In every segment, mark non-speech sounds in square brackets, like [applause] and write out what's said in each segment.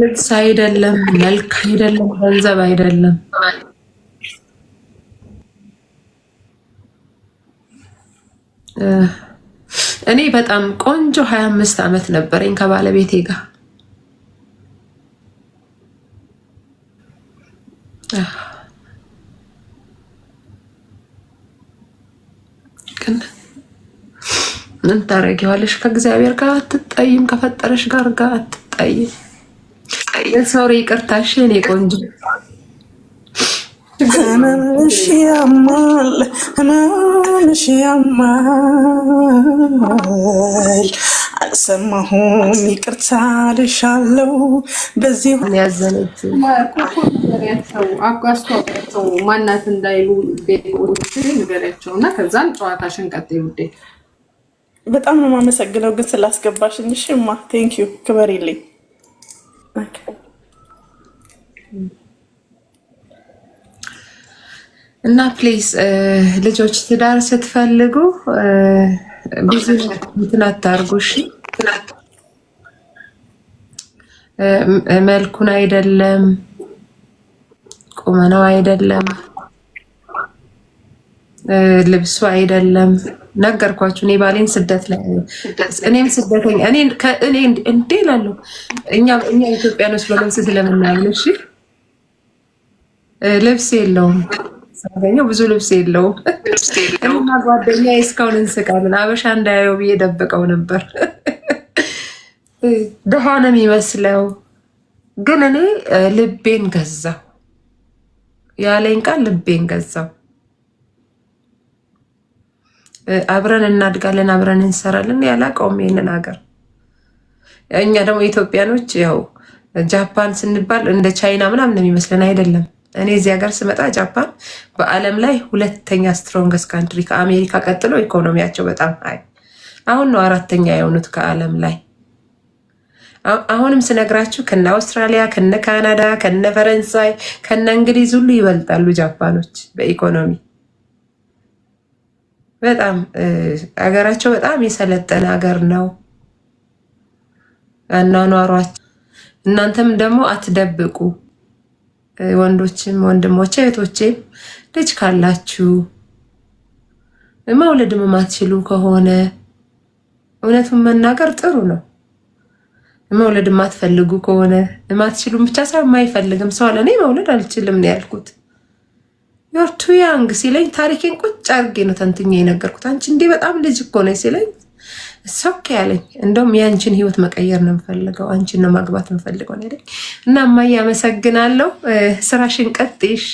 ልብስ አይደለም፣ መልክ አይደለም፣ ገንዘብ አይደለም። እኔ በጣም ቆንጆ ሀያ አምስት ዓመት ነበረኝ ከባለቤቴ ጋር ምን ታደርጊዋለሽ? ከእግዚአብሔር ጋር አትጣይም፣ ከፈጠረሽ ጋር ጋር አትጣይም። ሶሪ ይቅርታሽ፣ እኔ ቆንጆ ህመምሽ ያማል፣ ህመምሽ ያማል። አልሰማሁም ይቅርታ ልሻለው። በዚህ ያዘነች አጓስቷቸው ማናት እንዳይሉ ንገሪያቸው እና ከዛን ጨዋታሽን ቀጥ ውዴ። በጣም ነው የማመሰግነው ግን ስላስገባሽኝ። እሺ እማ ቴንኪዩ፣ ክበሪልኝ። እና ፕሊዝ ልጆች ትዳር ስትፈልጉ ብዙ እንትን አታርጉ። እሺ መልኩን አይደለም ቁመናው አይደለም ልብሱ አይደለም። ነገርኳችሁ። እኔ ባሌን ስደት ላይ እኔም ስደተኛ እኔ እንዴ ላሉ እኛ ኢትዮጵያኖች በመንስ ስለምናያለ እሺ ልብስ የለውም ሳገኘው ብዙ ልብስ የለውም እና ጓደኛ እስካሁን እንስቃለን። አበሻ እንዳየው ብዬ ደብቀው ነበር። [laughs] ድሃ ነው የሚመስለው፣ ግን እኔ ልቤን ገዛው። ያለኝ ቃል ልቤን ገዛው። አብረን እናድጋለን፣ አብረን እንሰራለን። ያላቀውም ይሄንን ሀገር እኛ ደግሞ ኢትዮጵያኖች ያው ጃፓን ስንባል እንደ ቻይና ምናምን የሚመስለን አይደለም። እኔ እዚህ ሀገር ስመጣ ጃፓን በዓለም ላይ ሁለተኛ ስትሮንገስ ካንትሪ ከአሜሪካ ቀጥሎ ኢኮኖሚያቸው በጣም አይ አሁን ነው አራተኛ የሆኑት ከዓለም ላይ። አሁንም ስነግራችሁ ከነ አውስትራሊያ፣ ከነ ካናዳ፣ ከነ ፈረንሳይ፣ ከነ እንግሊዝ ሁሉ ይበልጣሉ ጃፓኖች በኢኮኖሚ በጣም አገራቸው በጣም የሰለጠነ ሀገር ነው አኗኗሯቸው። እናንተም ደግሞ አትደብቁ። ወንዶችም ወንድሞቼ እህቶቼም ልጅ ካላችሁ መውለድም ማትችሉ ከሆነ እውነቱን መናገር ጥሩ ነው። መውለድ የማትፈልጉ ከሆነ የማትችሉም ብቻ ሳይሆን የማይፈልግም ሰው አለ። እኔ መውለድ አልችልም ነው ያልኩት። ዮር ቱ ያንግ ሲለኝ ታሪኬን ቁጭ አድርጌ ነው ተንትኛ የነገርኩት። አንቺ እንዲህ በጣም ልጅ እኮ ነኝ ሲለኝ ሶክ ያለኝ እንደውም የአንችን ህይወት መቀየር ነው የምፈልገው፣ አንቺን ነው ማግባት የምፈልገው ነው ያለኝ። እና እማዬ አመሰግናለሁ። ስራሽን ቀጥ እሺ።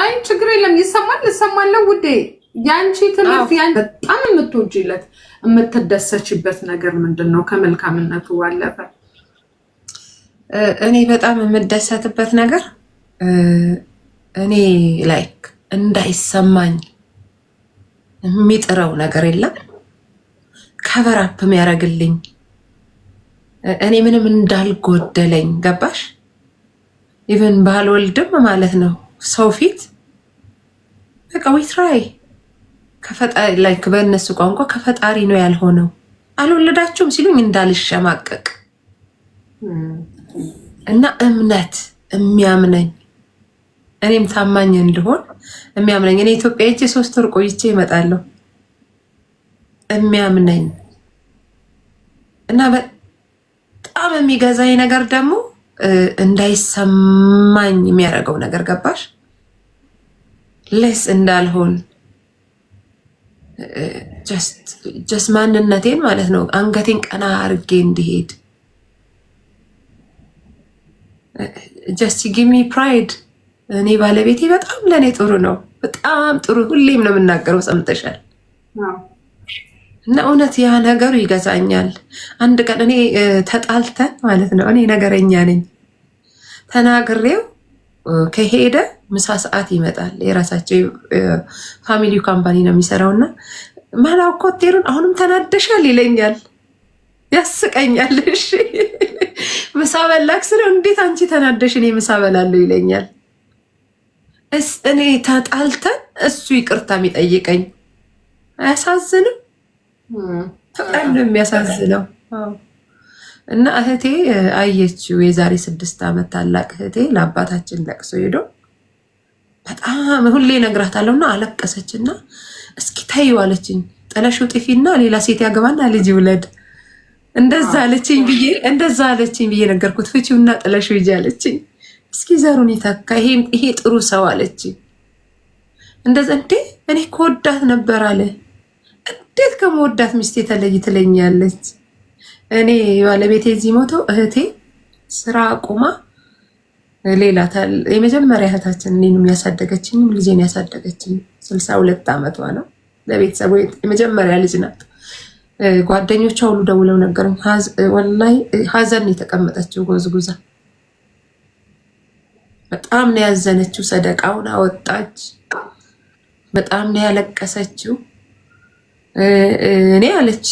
አይ ችግር የለም ይሰማል፣ እሰማለሁ ውዴ። የአንቺ ትምህርት በጣም የምትወጂለት የምትደሰችበት ነገር ምንድን ነው ከመልካምነቱ ባለፈ? እኔ በጣም የምደሰትበት ነገር እኔ ላይክ እንዳይሰማኝ የሚጥረው ነገር የለም። ከቨር አፕ የሚያደርግልኝ እኔ ምንም እንዳልጎደለኝ ገባሽ? ኢቨን ባልወልድም ማለት ነው ሰው ፊት በቃ ዊትራይ ላይክ በእነሱ ቋንቋ ከፈጣሪ ነው ያልሆነው። አልወለዳችሁም ሲሉኝ እንዳልሸማቀቅ እና እምነት የሚያምነኝ እኔም ታማኝ እንድሆን የሚያምነኝ እኔ ኢትዮጵያ ሄጄ ሶስት ወር ቆይቼ ይመጣለሁ የሚያምነኝ እና በጣም የሚገዛኝ ነገር ደግሞ እንዳይሰማኝ የሚያደርገው ነገር ገባሽ? ሌስ እንዳልሆን ጀስት ማንነቴን ማለት ነው አንገቴን ቀና አርጌ እንዲሄድ ጀስት ጊሚ ፕራይድ እኔ ባለቤቴ በጣም ለእኔ ጥሩ ነው፣ በጣም ጥሩ። ሁሌም ነው የምናገረው፣ ሰምተሻል። እና እውነት ያ ነገሩ ይገዛኛል። አንድ ቀን እኔ ተጣልተን ማለት ነው፣ እኔ ነገረኛ ነኝ፣ ተናግሬው ከሄደ ምሳ ሰዓት ይመጣል። የራሳቸው ፋሚሊ ካምፓኒ ነው የሚሰራው እና ኮቴሩን አሁንም ተናደሻል ይለኛል። ያስቀኛል። እሺ ምሳ በላክ ስለው እንዴት አንቺ ተናደሽ እኔ ምሳ በላለሁ ይለኛል። እስ እኔ ተጣልተን እሱ ይቅርታ የሚጠይቀኝ አያሳዝንም? በጣም ነው የሚያሳዝነው። እና እህቴ አየችው የዛሬ ስድስት ዓመት ታላቅ እህቴ ለአባታችን ለቅሶ ሄዶ በጣም ሁሌ ነግራታለሁና አለቀሰችና እስኪ ታዩ አለችኝ። ጥለሽው ጥፊና ሌላ ሴት ያገባና ልጅ ውለድ እንደዛ አለችኝ ብዬ እንደዛ አለችኝ ብዬ ነገርኩት። ፍቺውና ጥለሽው ይጂ አለችኝ። እስኪ ዘሩን ይተካ፣ ይሄ ጥሩ ሰው አለች። እንደዛ እንዴ እኔ ከወዳት ነበር አለ። እንዴት ከመወዳት ሚስቴ ተለይ ትለኛለች። እኔ ባለቤቴ እዚህ ሞተው እህቴ ስራ አቁማ ሌላ የመጀመሪያ እህታችን እኔንም ያሳደገችኝም ልጄን ያሳደገችኝ ስልሳ ሁለት ዓመቷ ነው። ለቤተሰብ የመጀመሪያ ልጅ ናት። ጓደኞቿ ሁሉ ደውለው ነገር ወላሂ ሀዘን የተቀመጠችው ጎዝጉዛ በጣም ነው ያዘነችው። ሰደቃውን አወጣች። በጣም ነው ያለቀሰችው። እኔ አለች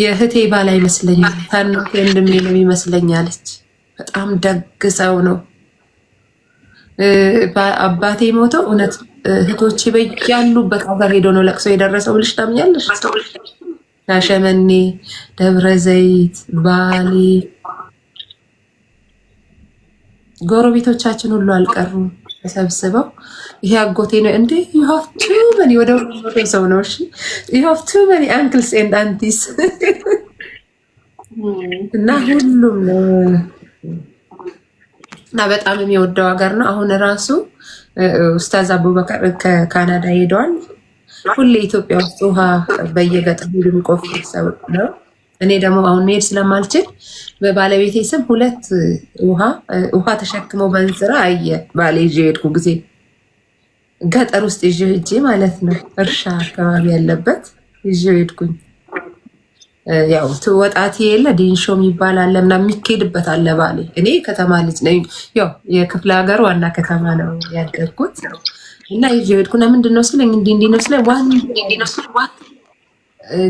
የእህቴ ባል አይመስለኝም ታናሽ ወንድሜ ነው ይመስለኝ አለች። በጣም ደግ ሰው ነው። አባቴ ሞተው እውነት እህቶቼ ያሉበት ሀገር ሄዶ ነው ለቅሶ የደረሰው ልጅ ታምኛለሽ? ሻሸመኔ፣ ደብረ ዘይት፣ ባሌ ጎረቤቶቻችን ሁሉ አልቀሩም ተሰብስበው ይሄ አጎቴ ነው እንዴ ዩሃፍ ቱ መኒ ወደ ሰው ነው እሺ ዩሃፍ ቱ መኒ አንክልስ ኤንድ አንቲስ እና ሁሉም እና በጣም የሚወደው ሀገር ነው። አሁን ራሱ ኡስታዝ አቡበከር ከካናዳ ሄደዋል። ሁሌ ኢትዮጵያ ውስጥ ውሃ በየገጠሩ ድምቆፍ ነው። እኔ ደግሞ አሁን መሄድ ስለማልችል በባለቤቴ ስም ሁለት ውሃ ውሃ ተሸክመው በእንስራ አየ ባለ ይዤ ሄድኩ ጊዜ ገጠር ውስጥ ይዤ ሄጄ ማለት ነው። እርሻ አካባቢ ያለበት ይዤ ሄድኩኝ። ያው ወጣት የለ ዲንሾ የሚባል አለ ምናምን የሚካሄድበት አለ ባሌ። እኔ ከተማ ልጅ ነኝ። ያው የክፍለ ሀገር ዋና ከተማ ነው ያደግኩት እና ይዤ ሄድኩና ምንድን ነው ስለኝ እንዲህ እንዲህ ነው ስለኝ ዋን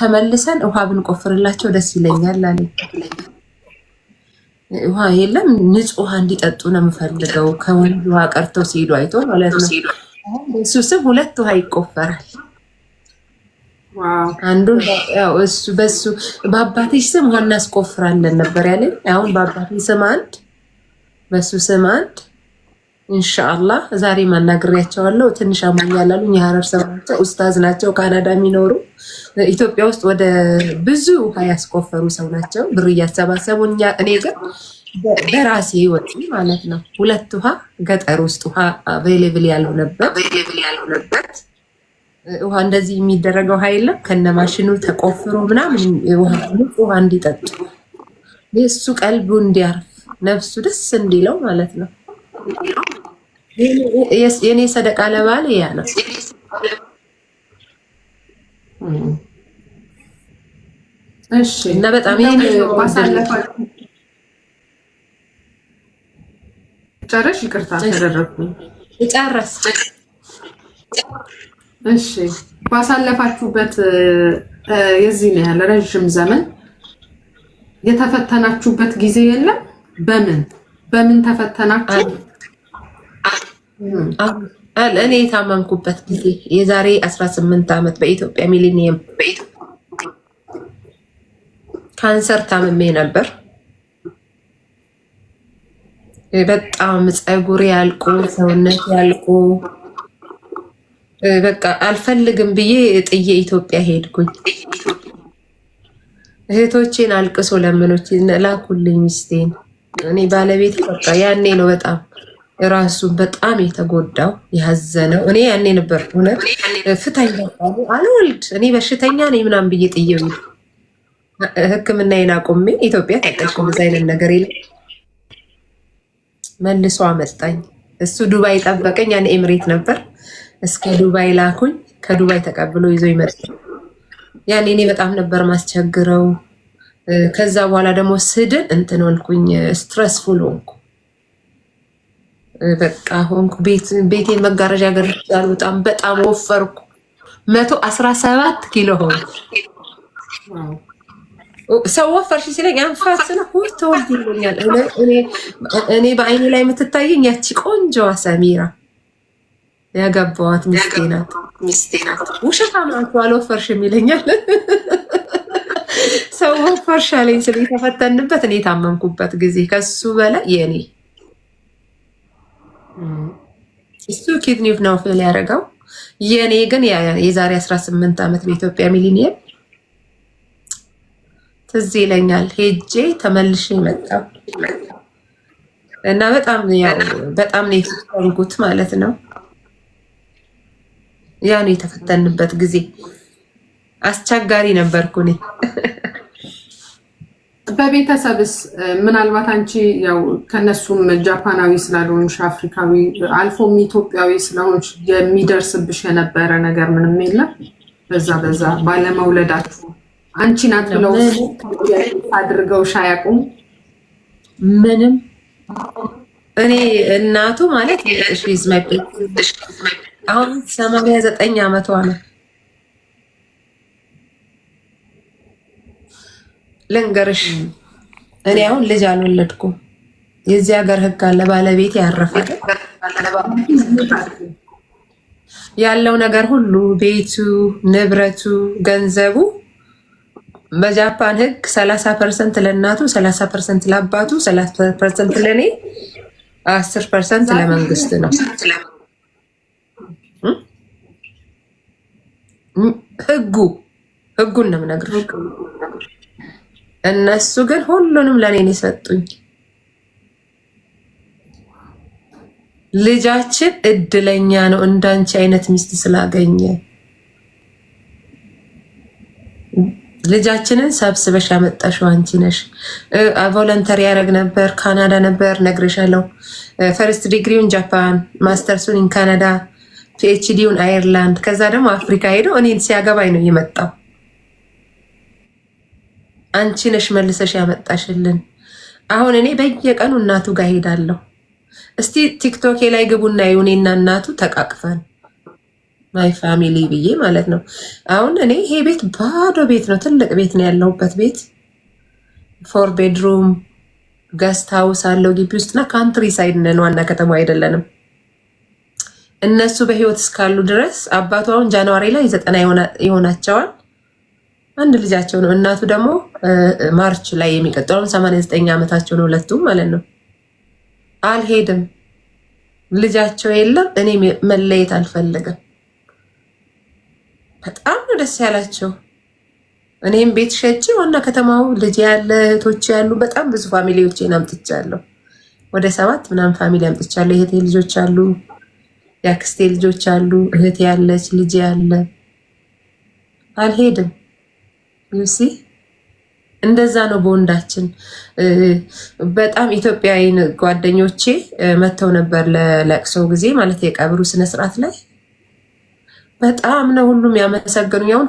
ተመልሰን ውሃ ብንቆፍርላቸው ደስ ይለኛል አለኝ። ውሃ የለም። ንጹህ ውሃ እንዲጠጡ ነው የምፈልገው። ከወንድ ውሃ ቀርተው ሲሄዱ አይቶ ማለት ነው። እሱ ስም ሁለት ውሃ ይቆፈራል። አንዱ እሱ በሱ በአባቴሽ ስም ውሃ እናስቆፍራለን ነበር ያለኝ። አሁን በአባቴ ስም አንድ፣ በሱ ስም አንድ። እንሻአላ ዛሬ ማናግሬያቸዋለሁ። ትንሽ አሞኛል አሉኝ። የሀረር ሰው ናቸው፣ ኡስታዝ ናቸው፣ ካናዳ የሚኖሩ ኢትዮጵያ ውስጥ ወደ ብዙ ውሃ ያስቆፈሩ ሰው ናቸው። ብር እያሰባሰቡ እኔ ግን በራሴ ወጪ ማለት ነው ሁለት ውሃ ገጠር ውስጥ ውሃ አቬሌብል ያልሆነበት ውሃ እንደዚህ የሚደረገው ውሃ የለም ከነ ማሽኑ ተቆፍሮ ምናምን ውሃ እንዲጠጡ የእሱ ቀልቡ እንዲያርፍ ነፍሱ ደስ እንዲለው ማለት ነው። የእኔ ሰደቃ ለባል ያ ነው። እና በጣም ጨረሽ? ይቅርታ ተደረግኩኝ። ጨረስ። እሺ ባሳለፋችሁበት የዚህ ነው ያለ ረዥም ዘመን የተፈተናችሁበት ጊዜ የለም? በምን በምን ተፈተናችሁ? እኔ የታመምኩበት ጊዜ የዛሬ 18 ዓመት በኢትዮጵያ ሚሊኒየም በኢትዮጵያ ካንሰር ታምሜ ነበር። በጣም ፀጉሬ ያልቁ፣ ሰውነት ያልቁ፣ በቃ አልፈልግም ብዬ ጥዬ ኢትዮጵያ ሄድኩኝ። እህቶቼን አልቅሶ ለምኖች ላኩልኝ ሚስቴን። እኔ ባለቤት በቃ ያኔ ነው በጣም ራሱ በጣም የተጎዳው ያዘነው። እኔ ያኔ ነበር እውነት ፍተኛ አልወልድ እኔ በሽተኛ ነኝ ምናምን ብዬ ጥዬው ሕክምናዬን አቁሜ ኢትዮጵያ ተጠቅም አይነት ነገር የለም። መልሶ አመጣኝ። እሱ ዱባይ ጠበቀኝ። ያን ኤምሬት ነበር። እስከ ዱባይ ላኩኝ። ከዱባይ ተቀብሎ ይዞ ይመጣ። ያን እኔ በጣም ነበር ማስቸግረው። ከዛ በኋላ ደግሞ ስድን እንትን ሆንኩኝ፣ ስትረስፉል ሆንኩ። በቃ ሆንኩ ቤቴን መጋረጃ ገር በጣም በጣም ወፈርኩ። መቶ አስራ ሰባት ኪሎ ሆንኩ። ሰው ወፈርሽ ሲለኝ አንፋት ስለ ሁል ተወልድ ይሉኛል። እኔ በአይኔ ላይ የምትታየኝ ያቺ ቆንጆዋ ሰሚራ ያገባዋት ሚስቴ ናት። ውሸታ ናት አልወፈርሽም ይለኛል። ሰው ወፈርሽ አለኝ ስለ የተፈተንበት እኔ የታመምኩበት ጊዜ ከሱ በላይ የእኔ እሱ ኪድኒ ኖፌል ያደረገው የእኔ ግን የዛሬ 18 ዓመት በኢትዮጵያ ሚሊኒየም ትዝ ይለኛል ሄጄ ተመልሼ መጣሁ እና በጣም ያው በጣም ነው የተፈተንኩት ማለት ነው። ያ ነው የተፈተንበት ጊዜ አስቸጋሪ ነበርኩ እኔ። በቤተሰብስ ምናልባት አንቺ ያው ከነሱም ጃፓናዊ ስላልሆንሽ አፍሪካዊ አልፎም ኢትዮጵያዊ ስለሆንሽ የሚደርስብሽ የነበረ ነገር ምንም የለም በዛ በዛ ባለመውለዳችሁ አንቺ ናት ብለው አድርገው ሻያቁም ምንም እኔ እናቱ ማለት አሁን ሰማንያ ዘጠኝ ዓመቷ ነው። ልንገርሽ እኔ አሁን ልጅ አልወለድኩም። የዚህ ሀገር ህግ አለ። ባለቤት ያረፈ ያለው ነገር ሁሉ ቤቱ፣ ንብረቱ፣ ገንዘቡ በጃፓን ህግ 30 ፐርሰንት ለእናቱ 30 ፐርሰንት ለአባቱ 30 ፐርሰንት ለእኔ 10 ፐርሰንት ለመንግስት ነው። ህጉ ህጉን ነው የምነግርሽ። እነሱ ግን ሁሉንም ለእኔ ነው የሰጡኝ። ልጃችን እድለኛ ነው እንዳንቺ አይነት ሚስት ስላገኘ ልጃችንን ሰብስበሽ ያመጣሽው አንቺ ነሽ። ቮለንተሪ ያደረግ ነበር፣ ካናዳ ነበር ነግሬሻለሁ። ፈርስት ዲግሪውን ጃፓን፣ ማስተርሱን ኢን ካናዳ፣ ፒኤችዲውን አየርላንድ፣ ከዛ ደግሞ አፍሪካ ሄደው እኔን ሲያገባኝ ነው የመጣው። አንቺ ነሽ መልሰሽ ያመጣሽልን። አሁን እኔ በየቀኑ እናቱ ጋር ሄዳለሁ። እስቲ ቲክቶኬ ላይ ግቡና እኔና እናቱ ተቃቅፈን ማይ ፋሚሊ ብዬ ማለት ነው። አሁን እኔ ይሄ ቤት ባዶ ቤት ነው፣ ትልቅ ቤት ነው ያለሁበት ቤት ፎር ቤድሩም ገስት ሀውስ አለው ግቢ ውስጥና ካንትሪ ሳይድ ነን፣ ዋና ከተማ አይደለንም። እነሱ በህይወት እስካሉ ድረስ አባቱ አሁን ጃንዋሪ ላይ ዘጠና ይሆናቸዋል። አንድ ልጃቸው ነው። እናቱ ደግሞ ማርች ላይ የሚቀጥለውን ሰማንያ ዘጠኝ ዓመታቸው ነው ሁለቱም ማለት ነው። አልሄድም፣ ልጃቸው የለም፣ እኔ መለየት አልፈልግም። በጣም ነው ደስ ያላቸው። እኔም ቤት ሸጭ ዋና ከተማው ልጅ ያለ እህቶች ያሉ በጣም ብዙ ፋሚሊዎችን አምጥቻለሁ። ወደ ሰባት ምናምን ፋሚሊ አምጥቻለሁ። እህቴ ልጆች አሉ፣ የአክስቴ ልጆች አሉ፣ እህቴ ያለች ልጅ ያለ አልሄድም። ዩሲ እንደዛ ነው በወንዳችን። በጣም ኢትዮጵያዊ ጓደኞቼ መጥተው ነበር ለለቅሶ ጊዜ ማለት የቀብሩ ስነስርዓት ላይ በጣም ነው ሁሉም ያመሰገኑ ያውን